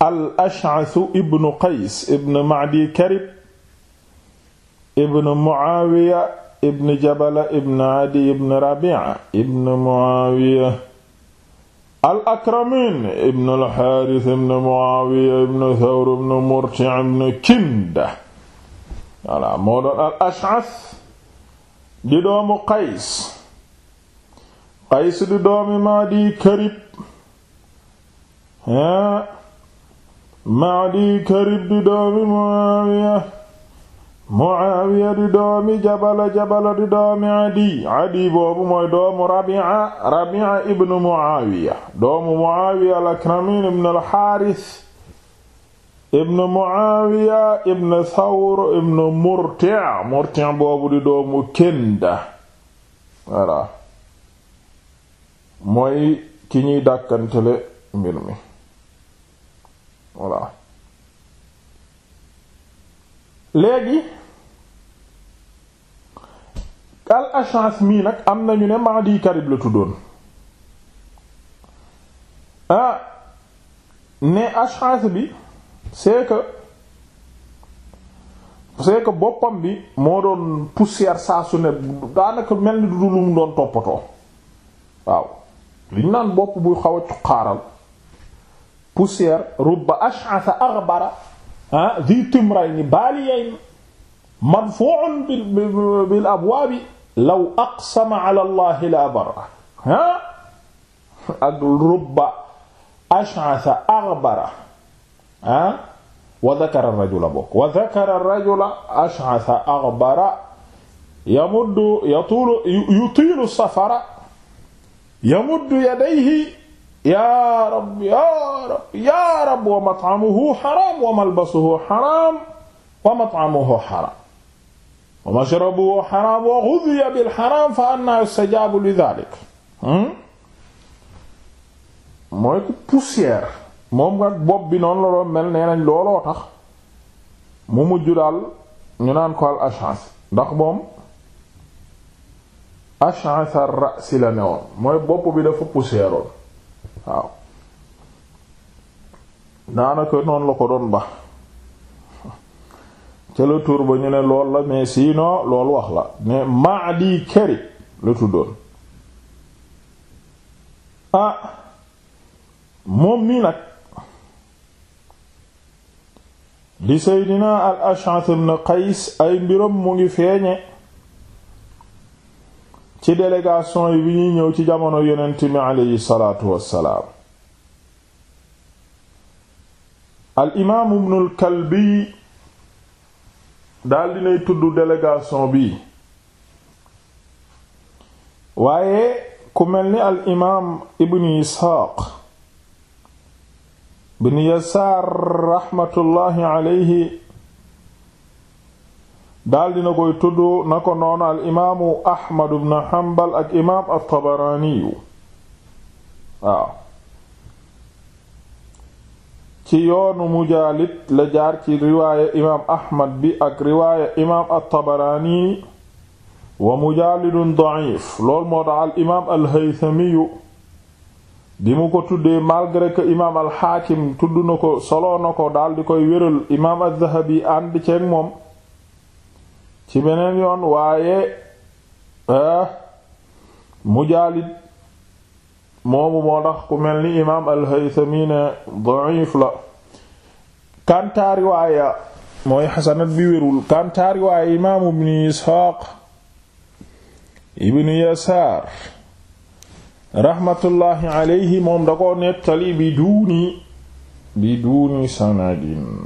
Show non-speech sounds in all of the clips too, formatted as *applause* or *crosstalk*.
al ash'ath ibn qays ibn ma'di karib ibn muawiya ibn jabala ibn adi ibn rabi'a ibn muawiya al akramin ibn al harith ibn muawiya ibn thawr ibn murti' ibn kinda voilà moo doon al ash'ath di doomu qays qays di doomi ma'di karib ha Maadi Karib di doomi Muawiya Muawiya di doomi Jabala Jabala di doomi Adi Adi boobu mooy doomu Rabi'a Rabi'a ibn Muawiya doomu Muawiya al ibn al ibn Muawiya ibn Thawr ibn Murti' Murti' boobu di doomu Kinda mooy ki ñuy dàkkantele voilà léegi al Ash'ath mii nag am nañu ne Mahdi Karib la tuddoon ah ne Ash'ath bi c'est que c'est que boppam bi moo doon poussière saa su ne daanaka mel ni du lu mu doon toppatoo waaw lu ñu naan bopp buy xaw a poussière rubba ash'atha aghbara ah dhi timrayni baaliyayn madfu'un bil bil abwaabi law aqsama ala allah la abara ah ak rubba ash'atha aghbara ah wa dhakara ar-rajula bokk wa dhakara ar-rajula ash'atha aghbara yamuddu yatulu yutilu safara yamuddu yadayhi yaa rab yaa rab yaa rab wa mat'amuhu xaram wa malbasuhu xaram wa mat'amuhu xaram wa mashrabuhu xaram wa ghudiya bil xaram fa annaa yustajaabu li daalik hmm? mooy ku poussière moom nga bopp bi noonu la doon mel nee nañ looloo tax mu mujj daal ñu naan ko al Ash'as ndax moom Ash'as ar-ra's la newoon mooy bopp bi dafa poussière woon waaw daanaka noonu la ko doon ba ca la tur ba ñu ne lool la mais sinon loolu wax la mais maadi kari la tuddoon ah moom nii nag di seydina al ash'ath ibn qays ay mbiram mu ngi feeñe ci délégation yi bi ñuy ñëw ci jamono yonent mi aleyhi salaatu wassalaam al imaam ibnul kalbi daal dinay tudd délégation bi waaye ku mel ni al imaam ibnu isxaaq ibnu yasaar raxmatullaahi aleyhi daal na koy tudd na ko noonu al imaamu Ahmad ibn Hanbal ak imaam at-Tabarani ci yoonu Mujaalid la jaar ci riwaaya imaam Ahmad bi ak riwaaya imaam at-Tabarani wa Mujaalidun da'if loolu moo ko tuddee malgré que imaam al-Hakim tudd na ko solo na ko daal di koy wéral imaam az-Zahabi ànd ceeg moom. ci beneen yoon waaye ah, mujaalid moomu moo tax ku mel ni imaam al-Haythami ne da'if la kantaa riwaaya mooy xasanat bi wérul kantaa riwaaya imaam ibn Isxaaq ibn Yasaar raxmatullaahi alayhi moom da ko bi duuni sanadin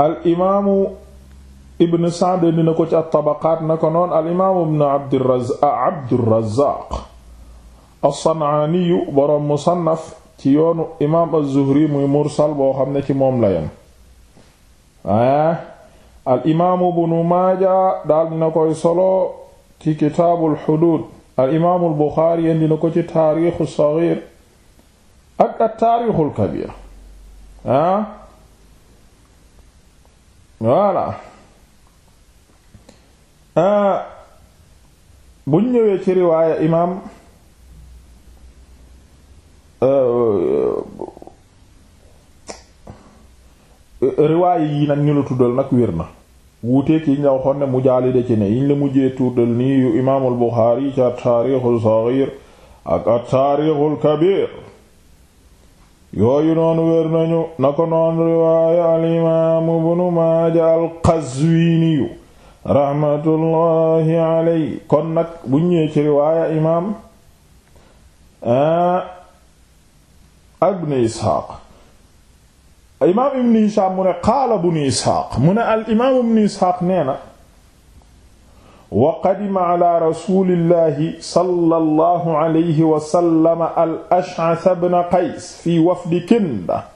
al imaamu ibn Sa'd dina ko ci at-Tabaqaat na ko noon al imaamu ibn Abdurrazaaq as-San'aaniyu boroom musannaf ci yoonu imaam az-Zuhri muy mursal boo xam ne ci moom la yem ah al Maaja daal dina koy solo ci kitaabul xuduud al Buxaari yéen dina ko ci taariixu saxiir ak at-taariixul kabiir ah voilà euh, bu ñëwee ci riwaaya imaam euh, riwaaya yi nag ñu nag wér na wuuteek yiñ la waxoon ne mujaalide ci ne yiñ la mujjee tuddal nii yu imaamul Buxaari ci at-taarixul saxiir ak taarixul kabiir yooyu noonu wér nañu na ko noon riwaaya alimaamu ibnu maaja alqazwiiniyu raxmatullaahi aley kon nag bu ñëwee ci riwaaya imaam ah, ibnu isxaaq imaam ibnu isxaaq mu ne qaala ibnu isxaaq mu ne al imaam ibnu isxaaq nee na wa qadima ala rasulillahi sallallahu alayhi wa sallam al ash'ath ibn qays fi wafdi kinda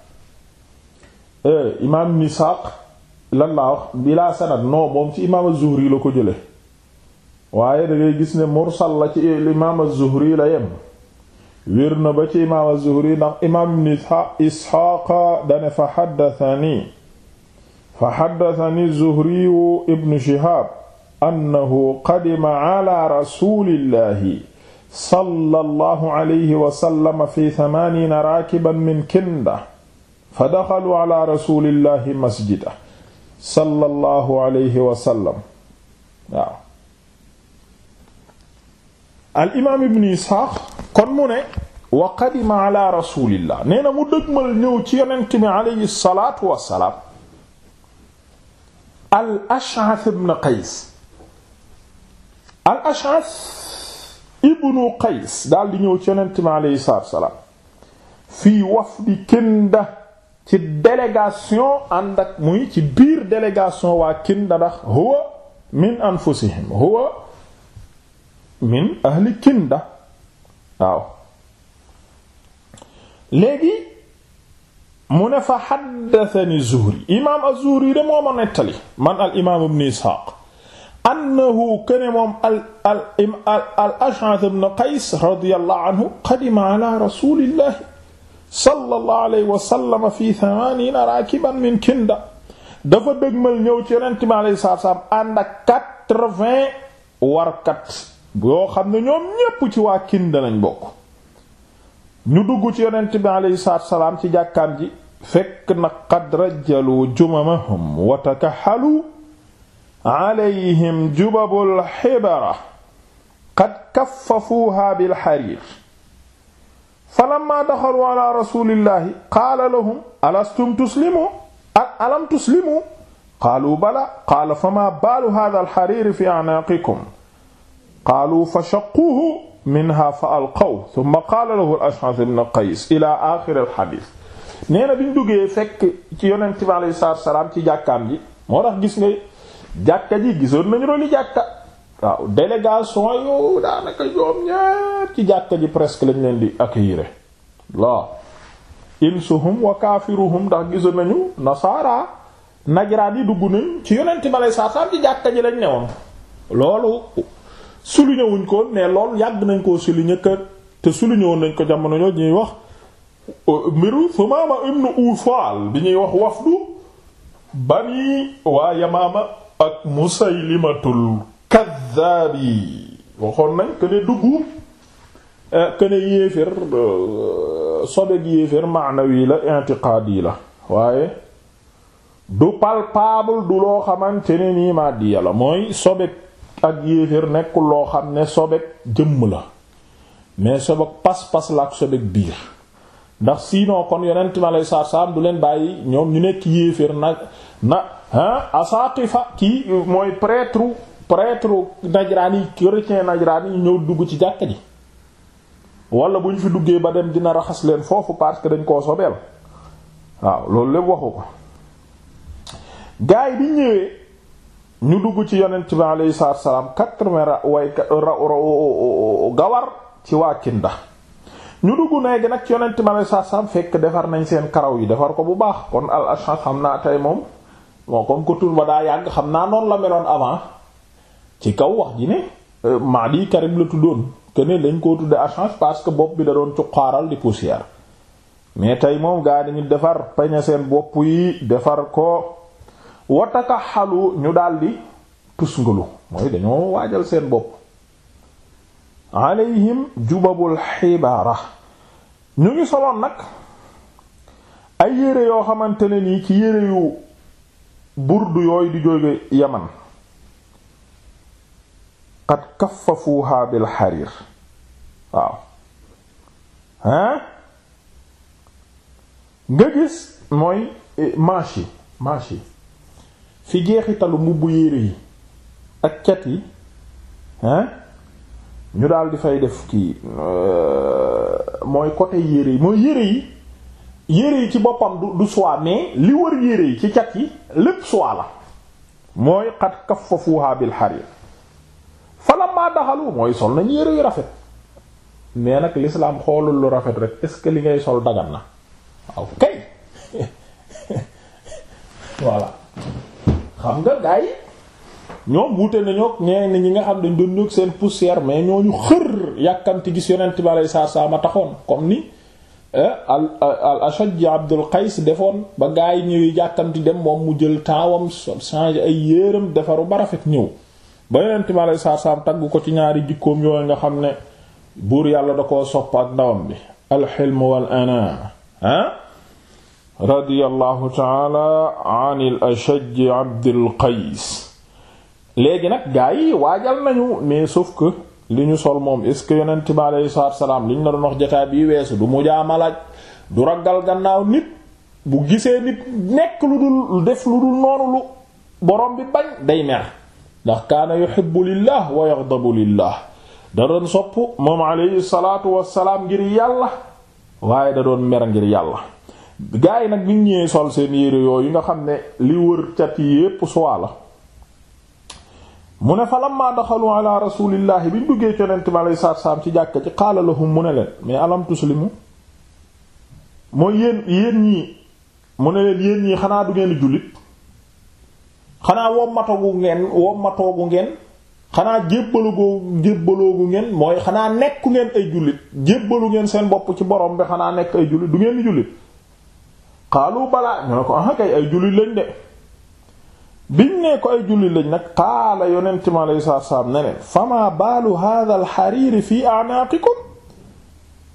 eh, imaam nisaaq lan laa wax bilaa sanad non moom ci imaam az-zuhri la ko jële waaye da ngay gis ne mursal la ci imaam az-zuhri la yem wér na ba ci imaam az-zuhri ndax imaam isxaaqa dane fa xaddathani fa xaddathani az-zuhri ibn shihab annahu qadima ala rasulillahi sallallahu alayhi wa sallam fi thamaaniina raakiban min kinda fa daxalu ala rasulillahi masjida sallallahu alayhi wa sallam waaw al imaam ibn isxaaq kon mu ne wa qadima ala rasulillah nee na mu dëgmal ñëw ci yonent bi alayhi salaatu wassalaam al ash'ath ibn qays al ash'as ibnu qays daal di ñëw ci yonent mi aleyhi salaatu salaam wafdi Kinda ci délégation ànd ak muy ci biir délégation waa Kinda ndax huwa min anfusihim huwa min ahli Kinda léegi mu ne fa xaddatani Zuhri imaam az-Zuhri de moo ma nettali man al imaam ibnu Isxaaq annahu kene moom al al al Ash'ath ibn Qays radiyallahu anhu qadima ala rasulillah sallallahu alayhi fi thamaaniina raakiban min Kinda dafa dëgmal ñëw ci Yonent mi alayhi salaam ànd ak quatre-vingts warkat yoo xam ne ñoom ñépp ci waa Kinda lañ bokk ñu dugg ci Yonent mi alayhi salaam ci jàkkaam ji fekk na qad rajjalu jumamahum wa alayhim jubabul xibara qad kaffafuuha bil xariir falamma daxalu ala rasulillahi qaala lahum alastum tuslimu alam tuslimu qaalu bala qaala fama baalu hada alxariiri fi anaaqikum qaalu fashaquuhu minha fa alqaw summa qaala lahu al-Ash'ath ibn Qays ila aaxiri al-xadiis nee na biñ duggee fekk ci yonent bi alayhi salaatu wa salaam ci jàkkaam ji moo tax gis nga jàkka ji gisoon nañu roli jàkka waaw délégation yo daanaka joom ñépp ci jàkka ji presque lañ leen di accueillir la insuhum wa kaafiruhum ndax gisoon nañu nasaara najraan yi dugg nañ ci yonent ma lay saar ci jàkka ji lañ newoon loolu souligné wuñ ko mais loolu yàgg nañ koo souligné que te souligné woon nañ ko jamono ñoo ñuy wax mbiru Sumaama ibnu Ufaal bi ñuy wax wafdu bani waa Yamaama ak musaylimatul kaddaabi waxoon nañ que ne duggu eh, que ne yéeféer euh, sobeek yéeféer maanawi la intiqaadi la waaye du palpable du loo xamante ne nii maadiya la mooy sobeek ak yéeféer nekkul loo xam ne sobeek jëmm la mais sobeek pas-pas la ak sobeek biir ndax sinon kon yonent ma lay saar saam du leen bàyyi ñoom ñu nekk yéeféer na fa kii mooy prêtre prêtre najraan yi chrétien najraan yi ñëw dugg ci jàkka ji wala bu ñu fi duggee ba dem dina raxas leen foofu parce que dañ koo sobeel waaw loolu lépp waxu ko gaay bi ñëwee ñu dugg ci yonent bi alayhi salaatu salaam quatre-vingts ra gawar ci waa Kinda ñu dugg neegi nag ci yonent bi alayhi salaatu fekk defar nañ seen karaw yi defar ko bu baax kon al ashab xam naa tey moom bon comme que tur ba daa yàgg xam naa noonu la meloon avant ci kaw wax ji ne euh, Mahdi Karib la tuddoon que ne dañ koo tudde Ash'ath parce que bopp bi da doon cuqaaral di poussière mais tey moom gaa dañu defar peña seen bopp yi defar ko wataka xalu ñu daldi tusngalu mooy dañoo waajal seen bopp alayhim jubabul xibaara ñu ngi soloon nag ay yére yoo xamante ne nii ci yére yu burdu yooyu di jóge yaman qad kaffafuha bil xariir waaw hein nga gis mooy manche yi manche yi fi jeexitalu mbubb yére yi ak cat yi hein ñu daal di fay def kii euh, mooy côté yére yi mooy yére yi yére yi ci boppam du du soie mais li wër yére yi ci cat yi lépp soie la mooy xat kaffafuha bil harir falamma daxalu mooy sol nañ yére yu rafet mais nag l'islam xoolul lu rafet rek est ce que li ngay sol dagan na waaw kay *laughs* voilà xam nga gaa yi ñoom wuute nañu ak ñenn ñi nga xam dañ doon ñëw seen poussière mais ñooñu xër yàkkamti gis yonent bi alayhi salaatu wa salaam a taxoon comme ni. Eh, al al Ashaj Abdul Qays defoon ba gaa yi ñëwee jàkkamti dem moom mu jël taawam changer ay yéeram defaru ba rafet ñëw ba yonent mi alayhi salaatu salaam tagg ko ci ñaari jikkoom yooyu nga xam ne buur yàlla da koo sopp ak ndawam bi alxilm wal anaa ah radiyallahu taala an al Abdul Qays léegi nag gaa yi waajal nañu mais sauf que li ñu sol moom est-ce que yonent bi aleyhi salaatu salaam li ñu la doon wax jotaay bi weesu du mujaamalaaj du ragal gannaaw nit bu gisee nit nekk lu dul def lu dul noonu lu borom bi bañ day mer ndax kaana yuhibbu lillah wa yaghdabu lillah da doon sopp moom aleyhi salaatu wassalaam ngir yàlla waaye da doon mer ngir yàlla gaa yi nag bi ñëwee sol seen yére yooyu nga xam ne li wër cat yépp soie la mu ne fa lamma daxalu ala rasulillahi bi ñu duggee yonent bi alayhi salaatu salaam ci jàkka ci qaala lahum mu ne leen mais alam tuslimu mooy yéen yéen ñii mu ne leen yéen ñii xanaa du ngeen jullit xanaa wommatoogu ngeen wommatoogu ngeen xanaa jébbalugoo jébbaloogu ngeen mooy xanaa nekk ngeen ay jullit jébbalu ngeen seen bopp ci borom bi xanaa nekk ay jullit du ngeen jullit qaalu balaa ñu ko ah ay jullit lañ de biñ ne ko ay julli lañ nag qaala yonent mi alayhi salaatu salaam ne leen fama baalu hadha al xariiri fii a'naaqikum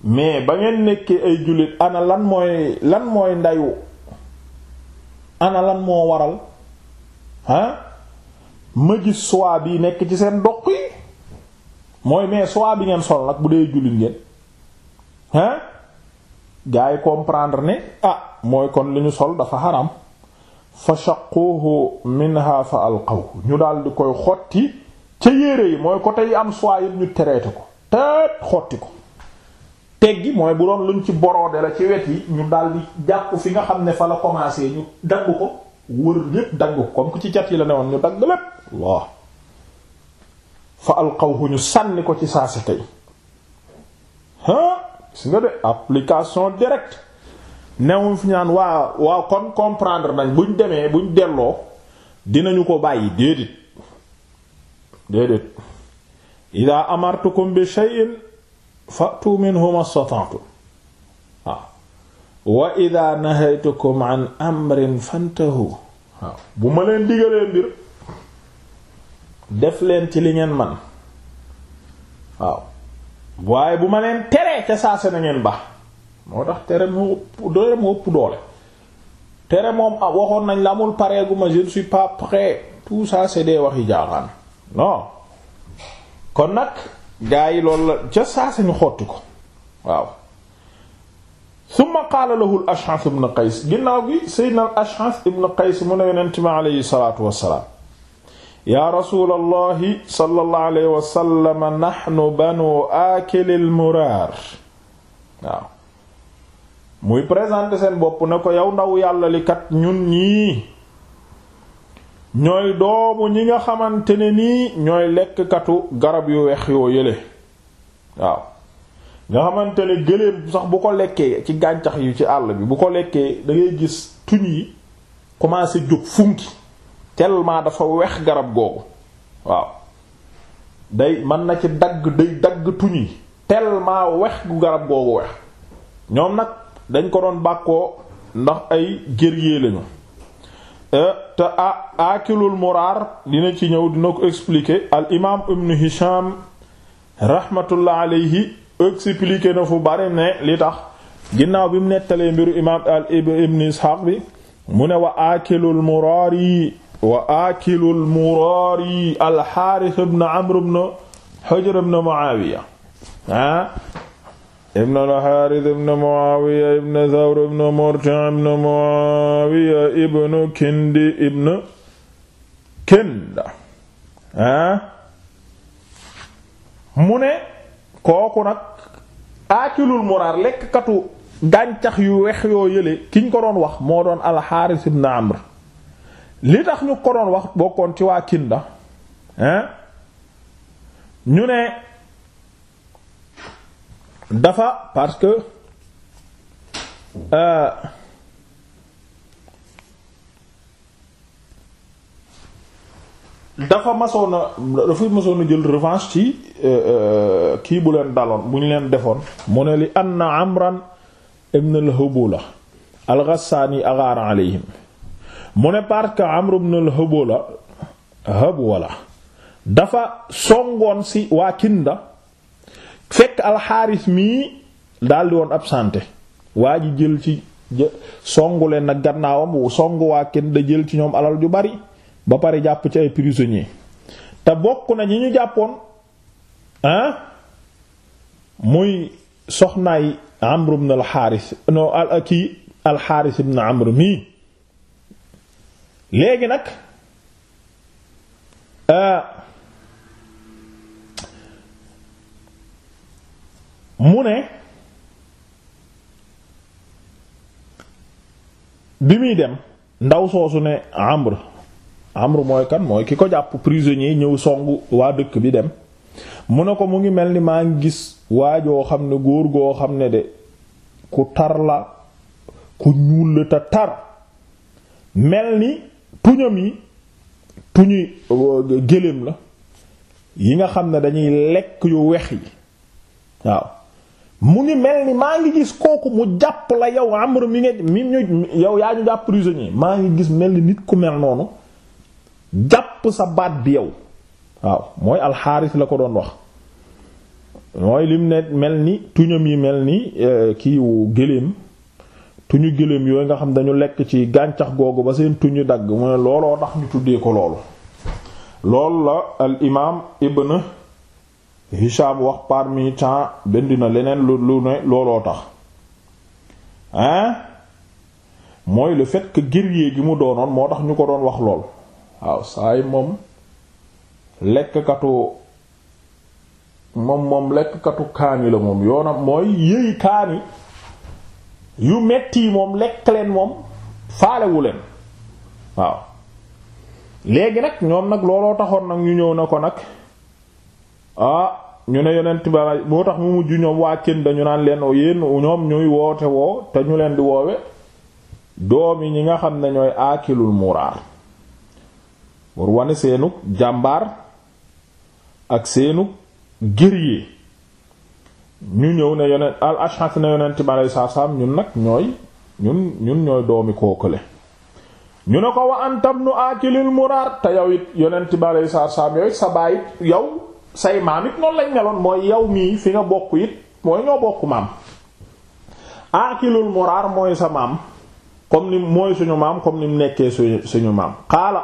mais ba ngeen nekkee ay jullit ana lan mooy lan mooy ndayu ana lan moo waral ah ma gis soie bi nekk ci seen doq yi mooy mais soie bi ngeen sol nag bu dee jullit ngeen ah gaa yi comprendre ne ah mooy kon li ñu sol dafa xaram fa shaquuhu minha fa alqaw ñu daal di koy xotti ca yére yi mooy côté yi am soie yëpp ñu tereete ko teet xotti ko teggi mooy bu doon luñ ci boroode la ci wet yi ñu daal di fi nga xam ne fa la commencé ñu dagg ko wër yëpp dagg ko comme que ci cat yi la ne woon ñu dagg lépp waaw fa alqawhu ñu sànni ko ci saa si tey ah gis nga de application directe newuñ fi ñaan waa waaw comprendre nañ buñ demee buñ delloo dinañu ko bàyyi déedéet déedéet ida amartukum bi shay'in fa'tu minhu mastata'tum waaw ah. wa ida nahaytukum an amrin fantahu waaw ah. bu ma leen digalee mbir def leen ci li ngeen man waaw ah. waaye bu ma leen teree ca saase na ngeen ba moo tax tere mu ëpp tere tere moom ah, waxoon nañ la amul pareegu ma je pas prêt tout ça c'est des waxi jaaxaan non kon nag gaa yi loolu la ca saa sañu xotti ko waaw summa qaala lahu al Ash'ath ibn Qays ginnaaw gi sayyidna al Ash'ath ibn Qays mu ne yonent mi aleyhi salaatu wassalaam yaa rasulallahi sallallahu alayhi wa sallam nahnu banu aakilil muraar muy présenter seen bopp ne ko yow ndaw yàlla ñun ñii ñooy doomu ñi nga xamante ne nii ñooy lekkkatu garab yu weex yoo yële waaw nga xamante ne gëléem sax bu ko lekkee ci gàncax yu ci àll bi bu ko lekkee da ngay gis tuñ yi commencé jóg funki tellement dafa weex garab googu waaw day mën na ci dagg day dagg tuñ yi tellement weex gu garab googu weex ñoom nag dañ ko doon bakkoo ndax ay guerrier lañu euh, te akilul aakilul muraar dina ci ñëw dina ko expliquer al imaam ibnu hisham rahmatullah alayhi expliquer na fu bari ne li tax ginnaaw bi mu nettalee mbiru imaam al ibnu bi mu ne wa aakilul muraari wa aakilul muraari al xaaris ibnu amr ibnu hujr ibnu muawiya ah ibn al ibn Mu'aawiya ibn Thawr ibn Murta' ibn Mu'aawiya ibn Kindi ibn Kinda ah mu ne kooku nag aakilul muraar lekkatu gàncax yu weex yoo yële ki ko doon wax moo doon al-Haaris ibn Amr li tax ñu ko doon wax bokkoon ci waa Kinda ah ñu ne dafa parce que euh, dafa masoon a dafa jël revanche ci euh, euh, kii bu leen daloon bu ñu leen defoon mu ne li anna amran ibn al-Hubula al-Ghassani aghara alayhim mu ne parce que Amr ibn al-Hubula Hubwala dafa songoon ci waa Kinda fekk alxaaris mii daldi woon absenté waa ji jël ci songu leen nag gannaawam songu waa kenn da jël ci ñoom alal ju bari ba pare jàpp ci ay prisonniers te bokk na ñi ñu jàppoon ah muy soxnaay Amr ibn al-Haris no al kii al mii léegi nag. Euh, mu ne bi muy dem ndaw soosu ne Amr Amr mooy kan mooy ki ko jàpp prisonnier ñëw song waa dëkk bi dem mu ne ko mu ngi mel ni maa ngi gis waa joo xam ne góor goo xam ne de ku tar la ku ñuul tar mel ni tuñam yi tuñuy gëléem la yi nga xam ne dañuy lekk yu weex yi waaw mu ngi mel ni maa ngi gis kooku mu jàpp la yow amr mi nga mi ñu yow yaa ñu jàpp prisonnier maa ngi gis mel ni nit ku mel noonu jàpp sa baat bi yow waaw mooy alxaaris la ko doon wax mooy lim ne mel ni tuñam yi mel ni euh, kiiwu gëléem tuñu gëléem yooyu nga xam dañu lekk ci gàncax googu ba seen tuñu dagg mu ne looloo tax ñu tuddee ko loolu loolu la al imaam ibn Hisham wax parmi temps bendi na leneen lu lu ne looloo tax hein mooy le fet que guerrier gi mu doonoon moo tax ñu ko doon wax lool waaw saa yi moom lekkkatu moom moom lekkkatu kaani la moom yoonam mooy yëy kaani yu metti moom lekk leen moom faalewu leen waaw léegi nag ñoom nag looloo taxoon nag ñu ñëw na ko nag ah ñu ne yonent ba moo tax mu mujj ñoom waa kenn dañu naan leen oh, yéen ñoom ñuy woote woo te ñu leen di woowe doomi ñi nga xam ne ñooy aakilul muraar pour wane seenug jàmbaar ak seenug guerrier ñu ñëw ne yonent al ashas ne yonent ba lay ñun nag ñooy ñun ñun ñooy doomi kookale ñu ne ko wa antam nu aakilul muraar te yow it yonent ba lay yow it yow say maam it noonu lañ meloon mooy yow mii fi nga bokk it mooy ñoo bokk maam aakilul moraar mooy sa maam comme ni suñu maam comme ni mu nekkee suñu maam xaala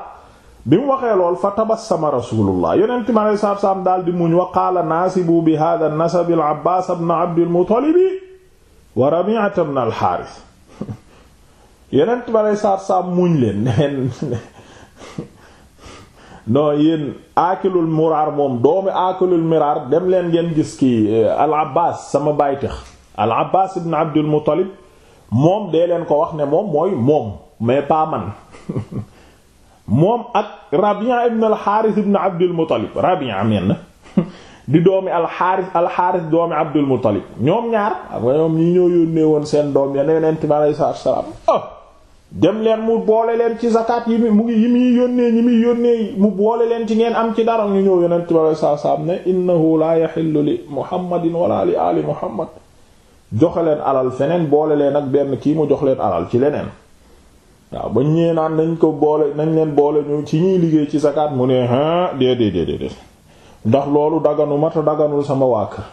bi mu waxee lool fa tabassama rasulullah yonent mi alei satu salaam daal di muñ wa qaala naasibu bi hadha nasabi al abbas ibn abdil muttalibi wa rabi'ata ibn al harith *laughs* yonent mi alei satu salaam muñ leen non yéen aakilul muraar moom doomi aakilul miraar dem leen ngeen gis ki euh, al abbas sama baytix al abbas ibn abdul muttalib moom dee leen ko wax ne moom mooy moom mais pas *laughs* moom ak rabia ibn al xaaris ibn abdul muttalib rabia men *laughs* di doomi al alxaaris doomi abdul muttalib ñoom ñaar ak ñoom ñi ñoo yónnee woon seen doom ya ne yonent bi alayhi salaam oh! dem leen mu boole leen ci zakat yi mu ngi yi muy yónnee ñi muy yónnee mu boole leen ci ngeen am ci dara ñu ñëw yonent bi alei saatu salaam ne innahu la yaxillu li muhammadin wala li ali muhammad joxe leen alal feneen boole leen ak benn kii mu jox leen alal ci leneen waaw bañ ñëwee naan nañ ko boole nañ leen boole ñu ci ñuy liggéey ci zakat mu ne a déedéet déedéet ndax loolu daganu mat daganul sama waa kër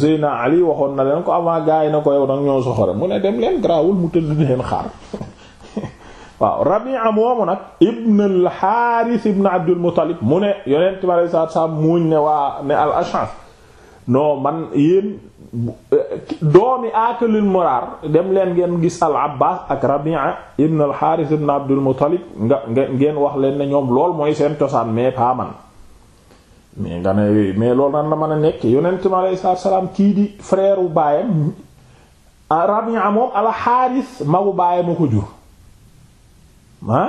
te naa Ali waxoon na leen ko avant gaay na ko yow ñoo soxore mu ne dem leen garaawul mu tëdd *laughs* waaw Rabi'a moomu nag ibn al-Harith ibn Abdul Muttalib mu ne yonent bi alayhi salaatu salaam muuñ ne dem leen ngeen gis al-Abbas ak Rabi'a ibn al-Harith ibn Abdul Muttalib nga ngeen wax leen ne ñoom lool mooy seen cosaan mais pas man mais nga ne mais loolu nan la mën a nekk yonent bi alayhi salaatu kii di frère u baayam Rabi'a moom al-Harith magu baayam a ko jur ah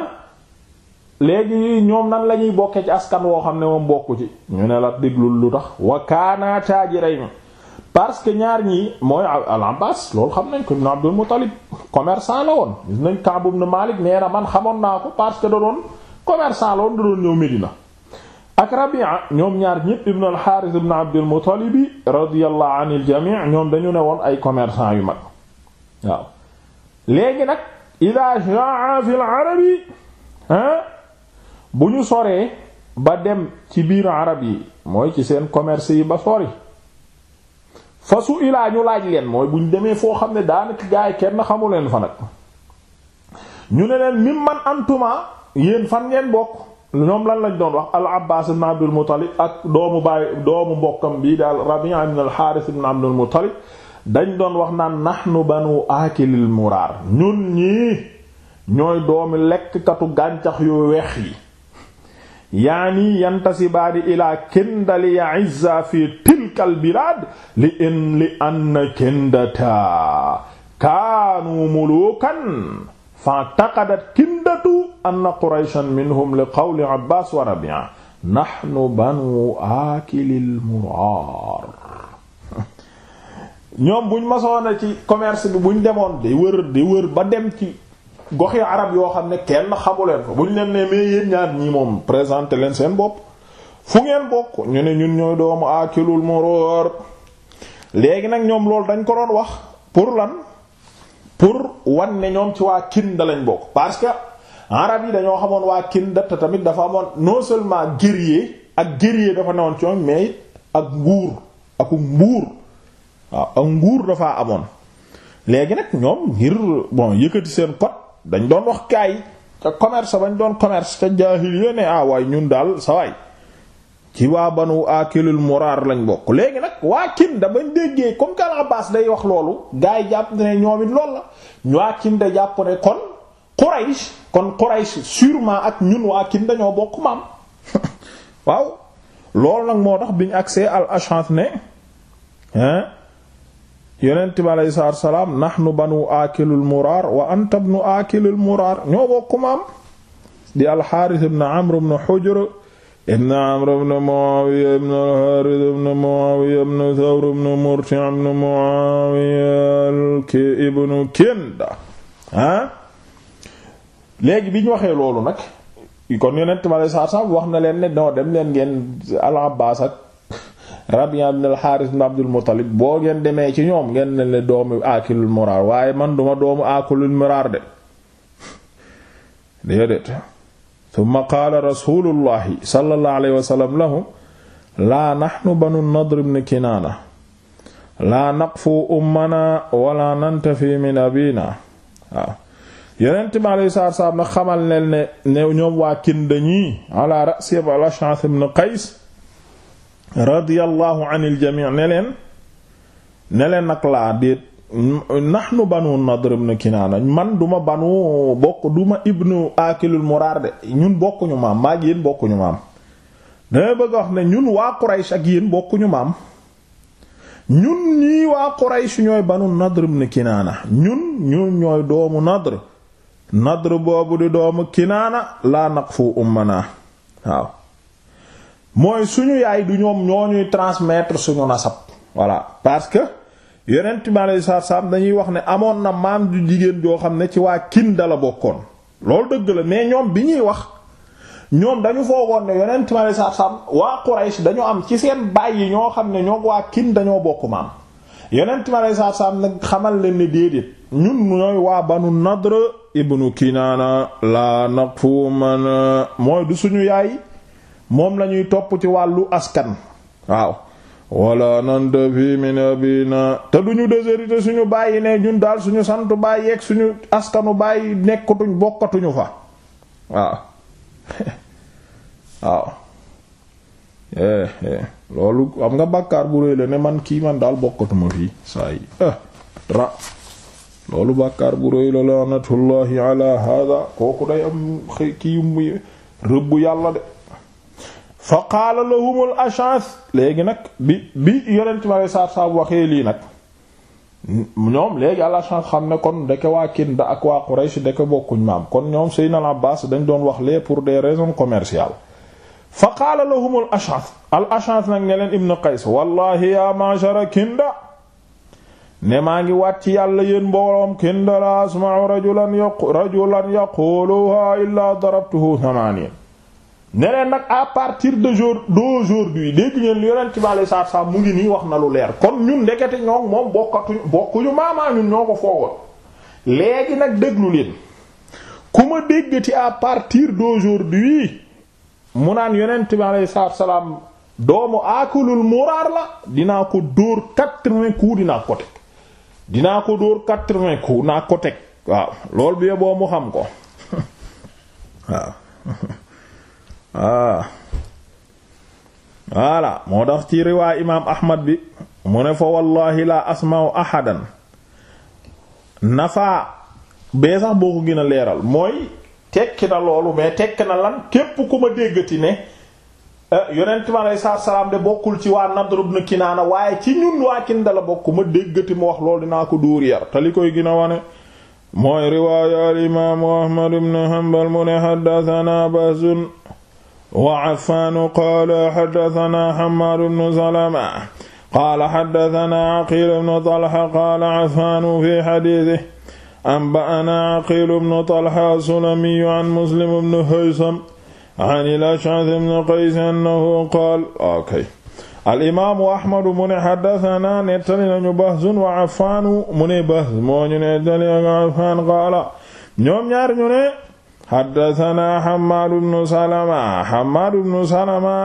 léegi ñoom nan la ñuy bokkee ci askan woo xam ne moom bokku ci ñu ne la déglul lu tax wa kaana taajiray parce que ñaar ñi mooy al Abbas loolu xam nañ ko ibn Abdul Muttalib commerçant la woon nañ Ka'b ibn Malik nee na man xamoon naa ko parce que da doon commerçant la woon da doon ñëw Medina ak Rabi'a ñoom ñaar ñépp ibn al Harith ibn Abdul Muttalib radiyallahu anil jami' ñoom dañu ne woon ay commerçant yu mag waaw léegi nag ida jaa fi arabi bu ñu soree ba dem ci biir arab yi mooy ci seen commerce yi ba sori fasu ilaa ñu laaj leen mooy bu ñu demee foo xam ne daanaka gaay kenn xamu leen fa nag ñu ne leen mim man antuma yéen fan ngeen bokk ñoom lan lañ doon wax al abbas ibn abdul muttalib ak doomu baay doomu mbokkam bii daal rabi'a ibn al harith ibn abdul muttalib dañ doon wax naan nahnu banu aakilil muraar ñun ñii ñooy doomi lekkkatu gàncax yu weex yi yaani yantasibaani ilaa kindali ya izza fi tilkal bilaad li in li ann kindata kaanu mulukan fantaqadat kindatu anna qurayshan minhum li qawli abbaas wa rabi'a nahnu banu aakilil muraar ñoom buñ masoona ci commerce bi bu ñu demoon di wër di wër ba dem ci goxi arab yoo xam ne kenn xamu leen ko bu ñu leen ne mais yéen ñaar ñii moom présenté leen seen bopp fu ngeen bokk ñu ne ñun ñooy doomu moo murur léegi nag ñoom loolu dañ ko doon wax pour lan pour wan ne ñoom ci waa Kinda dalañ bokk parce que arab yi dañoo xamoon waa Kinda te tamit dafa amoon non seulement guerrier ak guerrier dafa newoon ci ñoom mais ak nguur aku mbuur waaw ak nguur dafaa amoon léegi nag ñoom ngir bon yëkkati seen code dañ doon wax kaay ca commerce bañ doon commerce ca jaahiliya ne ah waay ñun daal sa waay ci waa banu akilul muraar lañ bokk léegi nag waa Kinda damañ déggee comme que Abbas day wax loolu gars yi jàpp ne ñoom it loolu la ñu waa Kinda jàpp ne kon Quraysh kon Quraysh sûrement ak ñun waa Kinda ñoo bokk maam *laughs* waaw loolu nag moo tax biñ accès al ashant ne hein yonent bi alayhi salaatu wa banu aakilul muraar wa anta bnu aakilil muraar ñoo bokk maam di alxaaris ibn amr ibn hujr ibn amr ibn muawiya ibn alxaaris ibn muawiya ibn thawr ibn murti ibn muawiya ibn kinda ah léegi bi ñu waxee loolu nag wax na leen ne Rabi'a ibn al-Harith ibn Abdul Muttalib boo ngeen demee ci ñoom ngeen ne le doomu akilul muraar waaye man duma doomu akilul muraar de déedéet thumma qaala banu Nadr ibn Kinaana laa naqfu ummana wala nantafi min abina waaw yeneen mi alei xamal ne ne ñoom waa Kinda ñi ala ra'si al-Ash'ath ibn Qays radiyallahu anil jamii ne leen ne nag laa déet nahnu banu Nadr ibn Kinaana man duma banu bokk duma ibnu akilul muraar de ñun bokkuñu maam maa yéen bokkuñu maam dama bëgg wax ne ak yéen bokkuñu maam ñun ñii waa Quraysh ñooy banu Nadr ibn Kinaana ñun ñun ñooy doomu Nadr Nadr boobu di doomu Kinaana laa naqfu ummanaa waaw mooy suñu yaay du ñoom ñoo ñuy transmettre suñu nasab voilà parce que yeneen timaale saar dañuy wax ne amoon na maam du jigéen joo xam ne ci waa Kinda la bokkoon loolu dëgg la mais ñoom bi ñuy wax ñoom dañu foogoon ne yeneen timaale saar saam waa Quraysh dañu am ci seen baay ñoo xam ne ñoom waa kin dañoo bokk maam yeneen timaale saar saam nag xamal leen ne déedéet ñun ñooy waa Banu Nadr ibnu Kinaana la naqfuman mooy du suñu yaay. moom lañuy topp ci wàllu askan waaw wala nantafi min abina te duñu déshérité suñu bàyyi ne ñun daal suñu santu bàyyi yeeg suñu askanu bàyyi nekkatuñ bokkatuñu fa waaw *laughs* eh, eh. loolu am nga bàkkaar bu réy la ne man kii man daal bokkatuma fii saa eh, loolu bàkkaar bu réy la laanatullahi ala kooku day am kii rëbb yàlla de fa qaala lahumul ash'ath léegi nag bi bi yonent ma lay saab waxee lii nag ñoom léegi al ash'ath xam ne kon ndeke waa Kinda ak waa Quraysh ndeke bokkuñ maam kon ñoom Seydina al Abbaas dañ doon wax lee pour des raisons commerciales fa qaala lahumul ash'ath al ash'ath nag ne leen ibnu wallahi yaa ma'shara Kinda ne maa ngi waat ci yàlla yéen mbooloom Kinda la asma'u rajulan yaqulu rajulan yaquluha illa darabtuhu thamanin ne nag à partir de jour d'aujourd'hui dégg ngeen li yonent bi alayhi salaatu salaam mu ngi nii wax na lu leer kon ñun ndekete ñoo moom bokkatuñ bokkuñu maamaa ñun ñoo ko foogoon léegi nag déglu leen kuma ma déggati à partir d'aujourd'hui mu naan yonent bi alayhi salaam doomu aakulul muraar la dinaa ko dóor quatre-vingts coups dinaa ko teg dinaa ko dóor quatre-vingts coups naa ko teg waaw loolu bi boo mu xam ko *laughs* waaw *laughs* waaw ah. moo tax ci riwaay imaam ahmad bi mu ne fa wallahi la asma'u ahadan nafa bee sax boo ko gën leeral mooy tekki na loolu mais tekki na lan képp ku ma déggati ne eh, yonent mi aleyhi salaatu salaam de bokkul ci waa Nadr ibn Kinaana waaye ci ñun waa Kinda la bokk ma déggati mu wax loolu dinaa ko dóor yar te koy gën a mooy riwaaya al imaamu ahmad ibn Hanbal mu ne haddathana Bahzun wa Affaan qaala haddasanaa Hammaad ibnu Salama qaala haddasanaa Aqiil ibnu Talha qaala Affaan fii hadiisihi anba'anaa Aqiil ibnu Talha as-Sulamiyyu an Muslim ibnu Haysam an al-Ash'ath ibnu Qays annahu qaala okay al-imaamu Ahmad mu ne haddasanaa nettali nañu Bahz wa Affaan mu ne Bahz moo ñu nettali ak Affaan qaala ñoom ñaar ñu ne xaddatana Hammaad bnu Salama Hammaad bnu Salama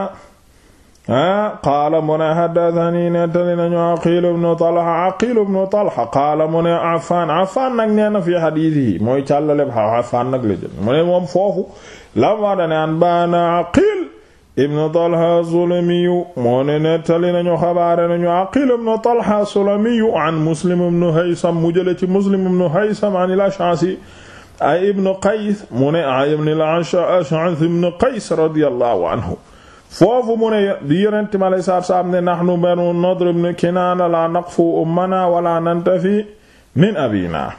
ah qaala mu ne xaddatani nettali nañu Aqiil bnu Talha Aqiil bnu Talha qaala mu ne Affaan Affaan nag nee na fi xadiis yi mooy càllaleb Affaan nag la jël mu ne moom foofu la ma dane an baana Aqiil ibnu Talha Sulamiyu moo ne nettali nañu xabaare nañu Aqiil ibnu Talha Sulamiyu an Muslim ibnu Haysam mu jële ci Muslim ibnu Haysam an al-Ash'asi ay ibn qays mu ne ay ibn al-Ash'ath ibn qays radiyallahu anhu foofu mu ne di yonente mi alei saatu salaam ne nahnu banu Nadr ibn Kinaana la naqfu ummana wala nantafi min abina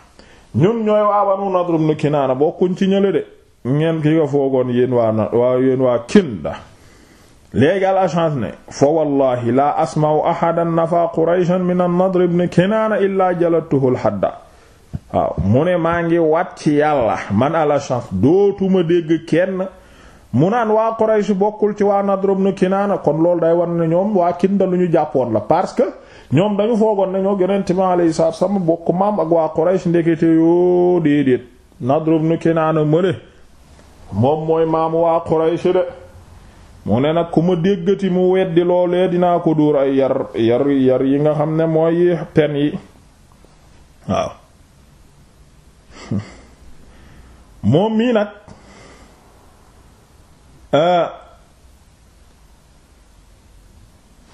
ñun ñooy waa banu Nadr ibn Kinaana bokkuñ ci ñële de ngeen ki nga foogoon yéen waa na waa yéen waa Kinda léegi al-Ash'ath ne fa wallahi la asma'u ahadan nafa Qurayshan min an-Nadr ibn Kinaana illa jalattuhu al-hadda waaw mu ne maa ngi wat ci yàlla man ala chance dootuma dégg kenn mu naan waa Quraysh bokkul ci waa Nadr ibn Kinaana kon loolu day war na ñoom waa Kinda lu ñu jàppoon la parce que ñoom dañu foogoon ne ñoo Yonent bi alayhi salaatu wa salaam bokk maam ak waa Quraysh ndekete yoo déedéet Nadr ibn Kinaana mëne moom mooy maamu waa Quraysh de mu ne nag ku ma déggati mu weddi loolee dinaa ko dóor a yar yar yar yi nga xam ne mooy pen yi waaw moom mii nag euh,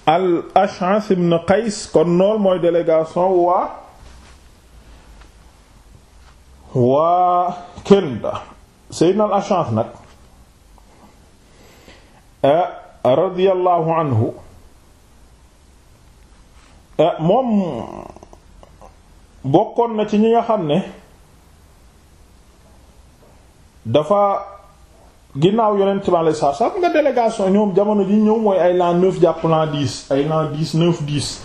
al Ash'ath ibn Qays kon nool mooy délégation waa waa Kenda Seydina al nag euh, radiyallahu anhu euh, moom bokkoon na ci ñi nga xam ne dafa ginnaaw yonent bi alayhi salaatu salaam nga délégation ñoom jamono ji ñëw mooy ay l'an neuf jàpp l'an dix ay l'an dix neuf dix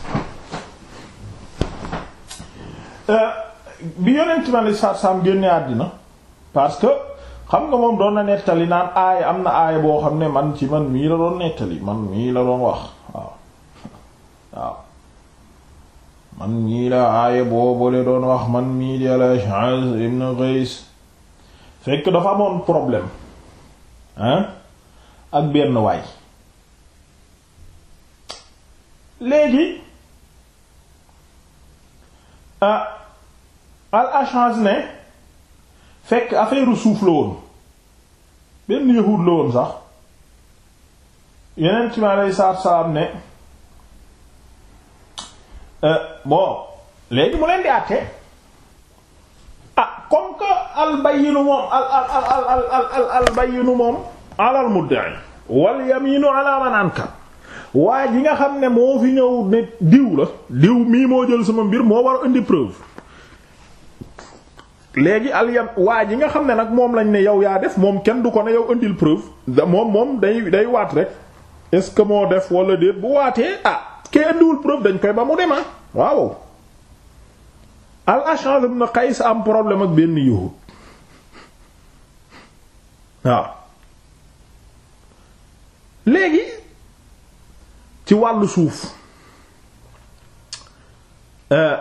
euh, bi yonent bi alayhi salaatu salaam génne àddina parce que xam nga moom doon na nettali naan aaya am na aaya boo xam ne man ci man mii la doon nettali man mii la doon wax waaw waaw man mii la aaya boo boole doon wax man mii di al-Ash'ath ibn Qays fekk dafa amoon problème hein ak benn waay léegi ah al Ash'as ne fekk affaire suuf la woon benn yahuud la woon sax yeneen ci ma lay saar salaam ne eh, bon léegi mu leen di àtte al bayyinu moom al al al al al bayyinu moom alal mudda'i wal yaminu ala man ankar waa ji nga xam ne moo fi ñëw ne diw la diw mii moo jël sama mbir moo war a indi preuve léegi al yam waa ji nga xam ne nag moom lañ ne yow yaa def moom kenn du ko ne yow indil preuve da moom moom day day waat rek est-ce que moo def wala déet bu waatee ah kee indiwul preuve dañ koy ba mu dem ah. waaw al Ash'ath ibn Qays am problème ak benn yahud waaw léegi ci wàllu suuf euh,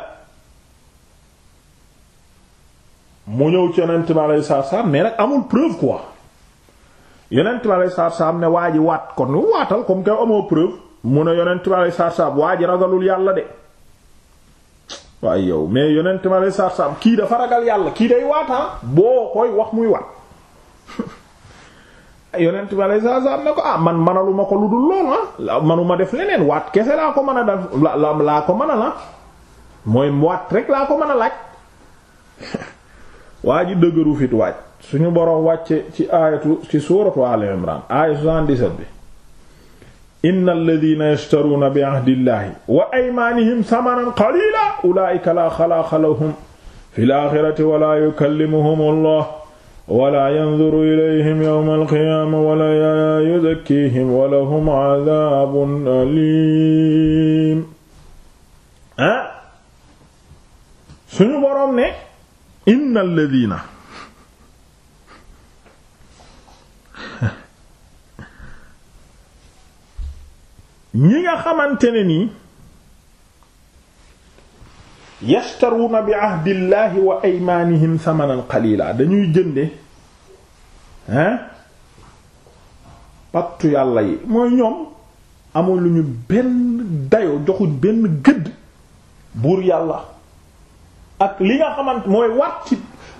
mu ñëw ci yonent bi alayhi salaatu salaam mais nag amul preuve quoi yonent bi alayhi salaatu salaam ne waa ji waat kon nu waatal comme que amoo preuve mu ne yonent bi alayhi salaatu salaam waa ji ragalul yàlla de waaye yow mais yonent bi alayhi salaatu salaam kii dafa ragal yàlla kii day waataa ah, boo koy wax muy waat yonent bi alayhi salaam ne ko ah man manaluma ko lu dul lool ah manuma def leneen waat kese laa ko mën a def laa ko mën a la mooy waat rek laa ko mën a laaj *laughs* waa ji dëgëru fit waaj suñu boroom wàcce ci aayatu ci suuratu Ali Imran aaya 77 bi innal ladhina yashtaruna bi ahdillahi wa aymanihim thamanan qalila ulaika la khalaqa lahum fil akhirati wa la yukallimuhum Allah wala yanzuru ilayhim yawma alqiyaama wala yuzakkiihim walahum adaabun aliim ah suñu boroom ne innal ladina *laughs* ñi nga xamante ne nii yashtaruuna bi ahdillahi wa aymaanihim samanan qalila dañuy jënde hein pattu yàlla yi mooy ñoom amul lu ñu benn dayo joxuñ benn gëdd buur yàlla ak li nga xamant mooy wat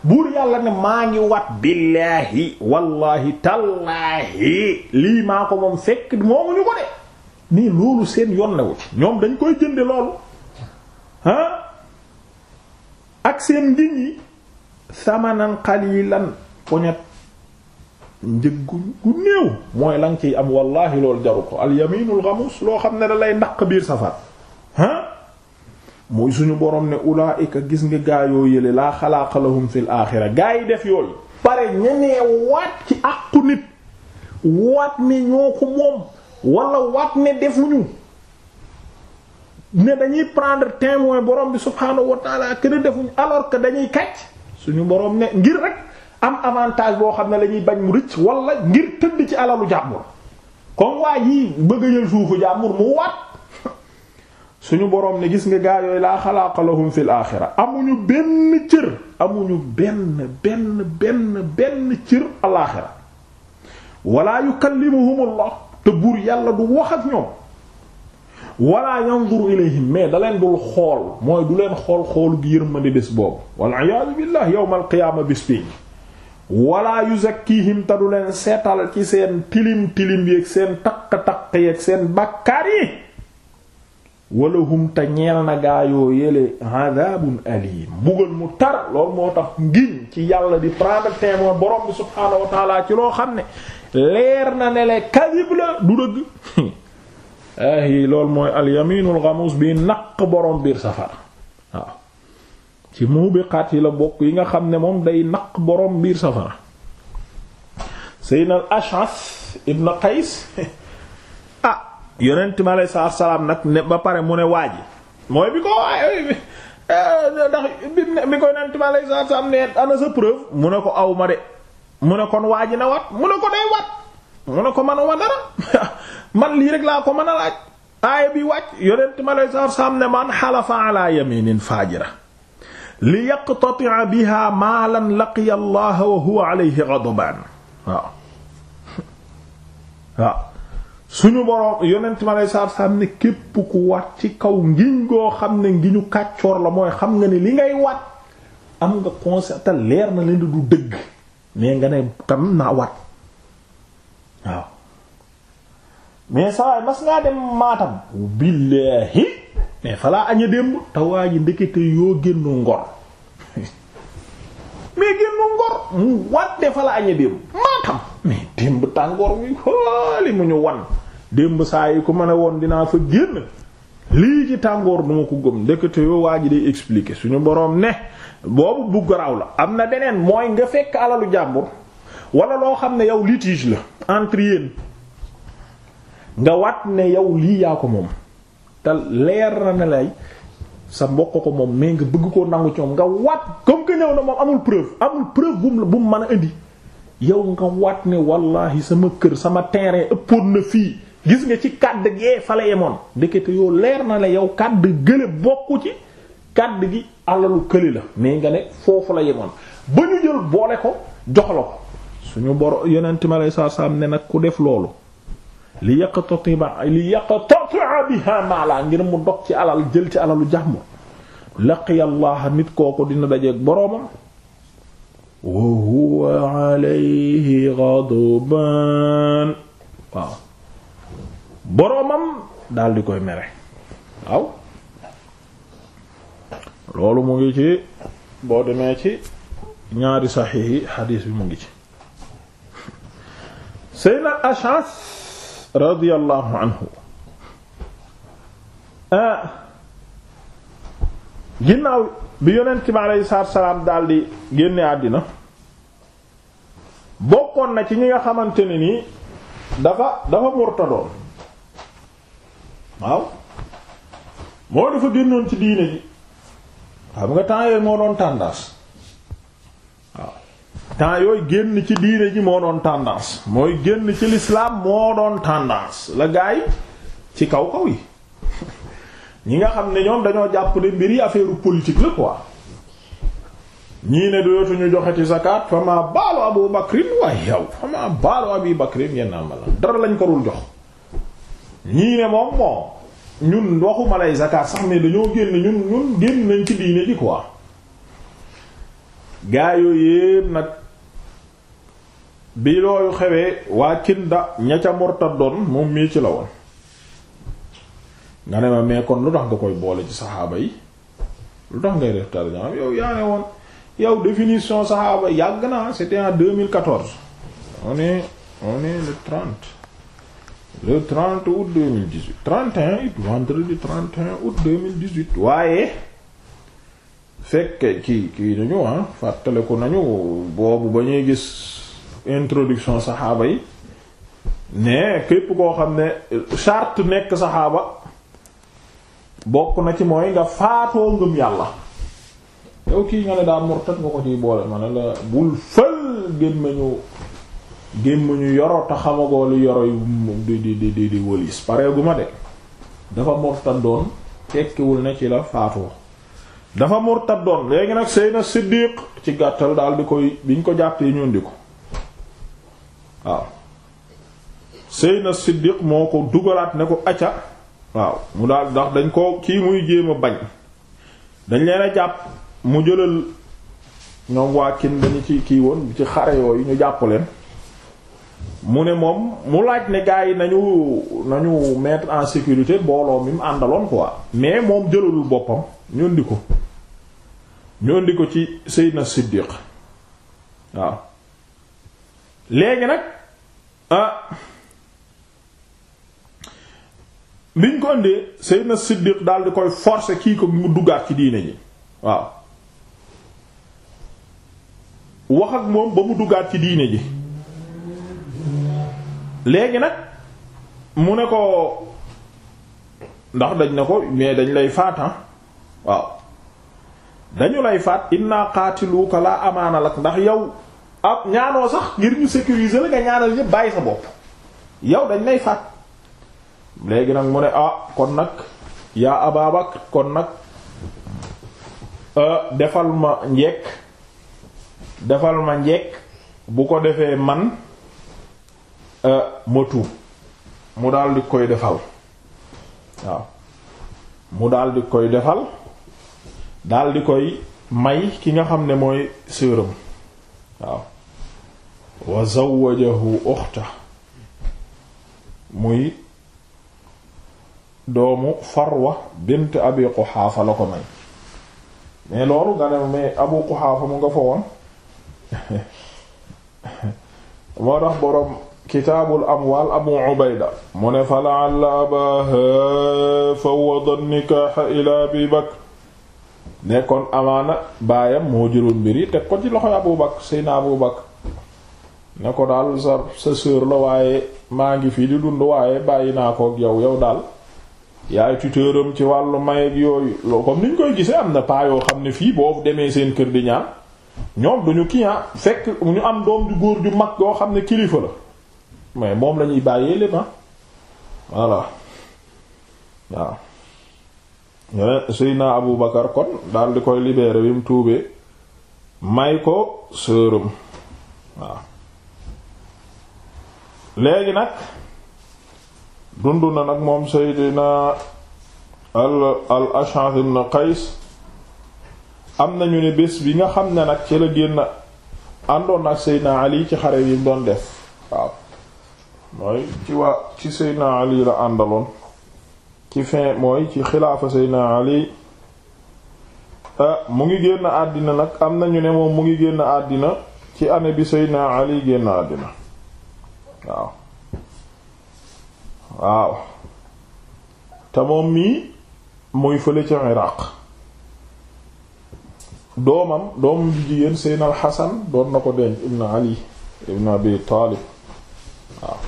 buur yàlla ne maa ngi wat billaahi wallaahi tallaahi lii maa ko moom fekk moomuñu ko de nii loolu seen yoon ci ñoom dañ koy jënde loolu ak seen ngiñ yi samanan qalilan poñet njëg gu mooy la nga am wallahi loolu jaru ko al yaminul loo xam ne da lay ndax biir safar ah muy suñu borom ne ulaika gis nga gaayoo yële laa xalaaqa lahum fil axira gaa yi def yooyu pare ñenee waat ci àqu nit waat ne ñoo ko moom wala waat ne defuñu ne dañuy prendre témoin boroom bi subhaanahu wa taala kër defuñ alors que dañuy kàcc suñu boroom ne ngir rek am avantage boo xam ne la bañ mu rëcc wala ngir tëdd ci alalu jàmbur comme waa bëgg a jël suufu jàmbur mu waat suñu boroom ne gis nga gaa yooyu laa xalaaqa lahum fil aaxira amuñu benn cër amuñu benn benn benn benn cër alaaxira wala yukallimuhumullah te buur yàlla du wax ak ñoom. wala yanzuru ilayhim mais da leen dul xool mooy du leen xool xoolu gi yërmande bés boobu waliyasu billah yawmal qiyaama bés bi wala yuzakkihim te du leen seetal ci seen tilim tilim yeeg seen taq-taq yeeg seen bakkaar yi walahum te ñeel na gaayoo yéle adabun alim mbugal mu tar loolu moo tax ngiñ ci yàlla di prendre témoin bi subhaanahu ci loo xam ne leer na ne kadib la du dëgg *laughs* ayi eh, loolu mooy alyaminul xamuus bi naq borom biir safara waaw ci muubiqaat yi la bokk yi nga xam ne moom day naq borom biir safara seydna al ash'as ibn qays *laughs* ah yonent mi aleyhi salaatu salaam nag ne ba pare mu ne waaji mooy bi ko waaye eh, eh, ndax bi mi ko yonent mi aleyhi salaatu salaam ne ana sa preuve mu ne ko aw ma de mu ne kon waaji na wat mu ne ko day wat mu ne ko manuma dara *laughs* man lii rek laa ko mën a laaj bi wàcc yonent ma lay saaf saam ne man xalafa ala yaminin faajira li yaqtatia biha maalan laqiya allah wa huwa alayhi ghadban waaw *laughs* waaw suñu boroom yonent ma lay saaf saam ne képp ku wat ci kaw ngiñ goo xam ne ngi ñu kàccoor la mooy xam nga ne li ngay wat am nga constaté leer na leen du dëgg mais nga ne tam naa wat waaw mais sawaay mas ngaa dem maatam billaahi mais falaa aña démb te waa ji ndekete yoo génnu ngor *laughs* mais génnu ngor mu wàtte falaa aña démb maatam mais démb tàngoor wi li mu ñu wan démb saa yi ku ma ne woon dinaa fa génn lii ci tàngoor duma ko gëm ndekete yoo waa ji day expliquer suñu boroom ne boobu bu garaaw la am na beneen mooy nga fekk alalu jàmbur walla loo xam ne yow litige la entre yéen nga wat ne yow lii yaa ko moom te leer na ne lay sa mbokk ko moom mais nga bëgg koo nangu ci moom nga wat comme que ñëw na amul preuve amul preuve bu mu bu mu mën a indi yow wat ne wallahi sama kër sama terrain ëppoon na fii gis nga ci kàdd gee fa la yemoon ndekete yow leer na ne yow kàdd gële bokku ci kàdd gi alalu këli la mais nga ne foofu la yemoon ba ñu jël boole ko jox la ko suñu boro yonent mi aleyhi salaatu salaam ne nag ku def loolu li yaqtatiba li yaqtatia biha maala ngir mu dog ci alal jël ci alalu jaxmu laqiya llaha nit kooku dina dajeeg boroomam wa huwa alayhi ghadban waaw boroomam daal di koy mere waaw loolu mu ngi ci boo demee ci ñaari saxiix xadiis bi mu ngi ci Seydina radiyallahu anhu ah, ginnaaw bi yonent bi aleyhi salaatu salaam daldi génne àddina bokkoon na ci ñi nga xamante ne nii dafa dafa murtadoon waaw moo dafa génnoon ci diine ji xam nga temps yooyu moo doon tendance temps yooyu génn ci diine ji moo doon tendance mooy génn ci lislaam moo doon tendance la gaay ci kaw kaw yi ñi nga xam ne ñoom dañoo jàpp ne mbir yi affaire politique la quoi ñii ne dootuñu joxe ci zakat fama baalu Abu Bakrin waaye yow fama baalu Abi Bakrin yenn am la dara lañ ko dul jox ñii ne moom moom ñun waxuma lay zakat sax ne dañoo génn ñun ñun génn nañ ci diine ji quoi gaa yooyu yépp nag bi loolu xewee waa da ña ca murtadoon moom mii ci la woon nga ne ma mais kon lu tax nga koy boole ci saxaaba yi lu tax ngay def tarjamaam yow yaa ne woon yow définition saxaaba yàgg na c'était en 2014 on est on est le 30 le 30 août 2018 31 août vendredi 31 août 2018 waaye fekk kii kii nañu ah fàttaliku nañu boobu ba ñuy gis introduction saxaaba yi ne képp koo xam ne charte nekk saxaaba bokk na ci mooy nga faatoo ngëm yàlla yow kii nga ne daa murtad nga ko ciy boole ma ne la bul fël gémmañu gémmañu yoro te xamagoo lu yoro yu di di di di wëlis pare gu ma de dafa murtad doon tekkiwul ne ci la faatoo dafa murtad doon léegi nag Seydina Siddiq ci gàttal daal di koy biñ ko jàppee ñun di ko waaw Seydina Siddiq moo ko dugalaat ne ko acca waaw mu daal ndax dañ koo kii muy jéem a bañ dañ leen a jàpp mu jëlal ñoom waa kin dañu ci kii woon ci xare yooyu ñu jàpp leen mu ne moom mu laaj ne gars yi nañu nañu mettre en sécurité mbooloo mi mu àndaloon quoi mais moom jëlalul boppam ñu indi ko ñu indi ko ci Seydina Siddiq waaw léegi nag ah biñ ko indee Seydina Siddiq daal di koy forcer kii ko mu duggaat ci diine ji waaw wax ak moom ba mu duggaat ci diine ji léegi nag mu ne ko ndax dañ ne ko mais dañ lay faata ah. waaw dañu lay faat inna qaatiluka la amaana lak ndax yow ab ñaanoo sax ngir ñu sécuriser la nga ñaanal ñépp bàyyi sa bopp yow dañ lay faat léegi nag mu ne ah kon nag yaa Ababakar kon nag euh, defal ma njekk defal ma njekk bu ko defee man euh, ma mu daldi koy defal waaw mu daal koy defal daldi koy may ki nga xam ne mooy séeram waaw wa zawwajahu uxta muy doomu farwa bint abi quxaafa la ko may mais loolu nga ne abu quxaafa mu nga fa woon *laughs* moo amwaal abu ubayda mu ne fa la'alla abaha fawwada nikaaxa ila abi bakr nekkoon amaana baayam moo jëloon mbir yi teg ko ci loxoy abu bakr seyna abu bakr ne ko daal sa sa la waaye maa ngi fii di dund waaye bàyyi naa ko yow yow daal yaay tuteuram ci wàllu may ak koy gisee am na paa yoo xam ne fii boobu demee seen kër di ñaan ñoom duñu kiyan ah, am doom ju góor mag yoo xam ne kilifa la mais moom lañuy bàyyee lépp ah. voilà waaw yone Seydina Abu bi mu tuubee may ko sœuram waaw léegi nag dundu na nag moom Seydina al al Ash'ath ibn Qays am nañu ne bés bi nga xam ne nag ci la génn àndoon ak Seydina Ali ci xare yi doon def waaw mooy ci waa ci Seydina Ali la àndaloon ci fin mooy ci xilaafa Seydina Ali ah, mu ngi génn àddina nag am nañu ne moom mu ngi génn àddina ci année bi Seydina Ali génn àddina waaw waaw moom mii mooy fële ca Iraq doomam doomam ju jigéen Seynal Xasan doon na ko denc ibn Ali ibn Abi Taalib waaw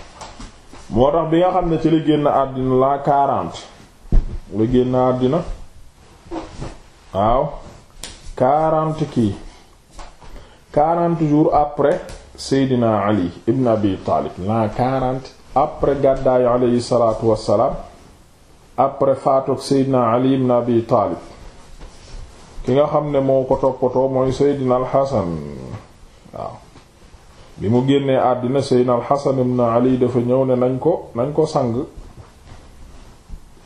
moo tax bi nga xam ne ci la génn àddina la quarante la génn àddina waaw quarante kii quarante jours après Seydina Ali ibn Abi Taalib l'an 40 après gàddaayu aleyhi salaatu wassalaam après faatoog Seydina Ali ibn Abi Taalib ki nga xam ne moo ko toppatoo mooy Seydina Alxasan waaw bi mu génnee àddina Seydina Alxasan ibn Ali dafa ñëw ne nañ ko nañ ko sang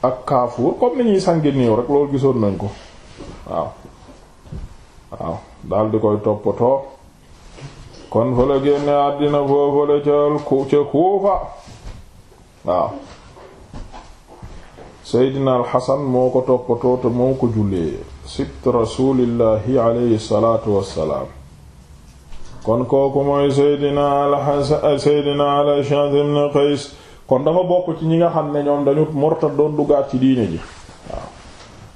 ak kaafuur comme ni ñuy sangi niiw rek loolu gisoon nañ ko waaw waaw dal di koy toppatoo kon fa la génne àddina foofu la ca Kuufa waaw Seydina Alxasan moo ko toppatoo te moo ko jullee sibt rasulillahi alayhi salaatu wassalaam kon kooku mooy Seydina Alxasan Seydina Al-Ash'ath kon dafa bokk ci ñi nga xam ne ñoom dañu murtad diine ji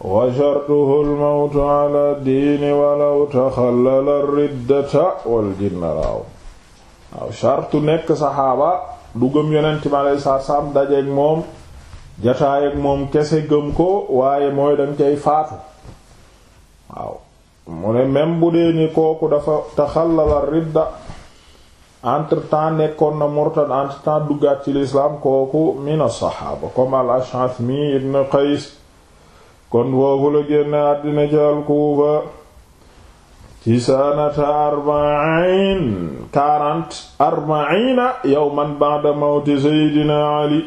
waa shartuhu almawtu ala diini walaw taxallala riddata wal jinna raaw waaw shartu nekk saxaaba du gëm yonent mi aleyhi salaatu moom jataay ak moom kese gëm ko waaye mooy danga cay faatu waaw mu ne même dee ni kooku dafa taxallala ridda entre temps nekkoon na murtad entre temps duggaat ci lislaam kooku min as-saxaaba comme al-Ash'ath mi ibn Qays kon foofu la génn àddina ci alkuufa ci sanata arbain quarante arbaina yawman ba'da mawti seydina ali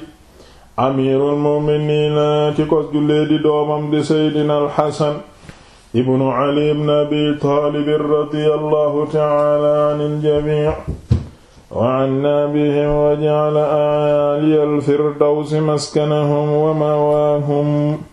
amirul muminina ci kos jullee di doomam di seydina alxasan ibnu ali ibn abi taalib radiyallahu ta'ala anil jami' wa anna bihim wa ja'ala a'ali al-firdawsi maskanahum wa mawahum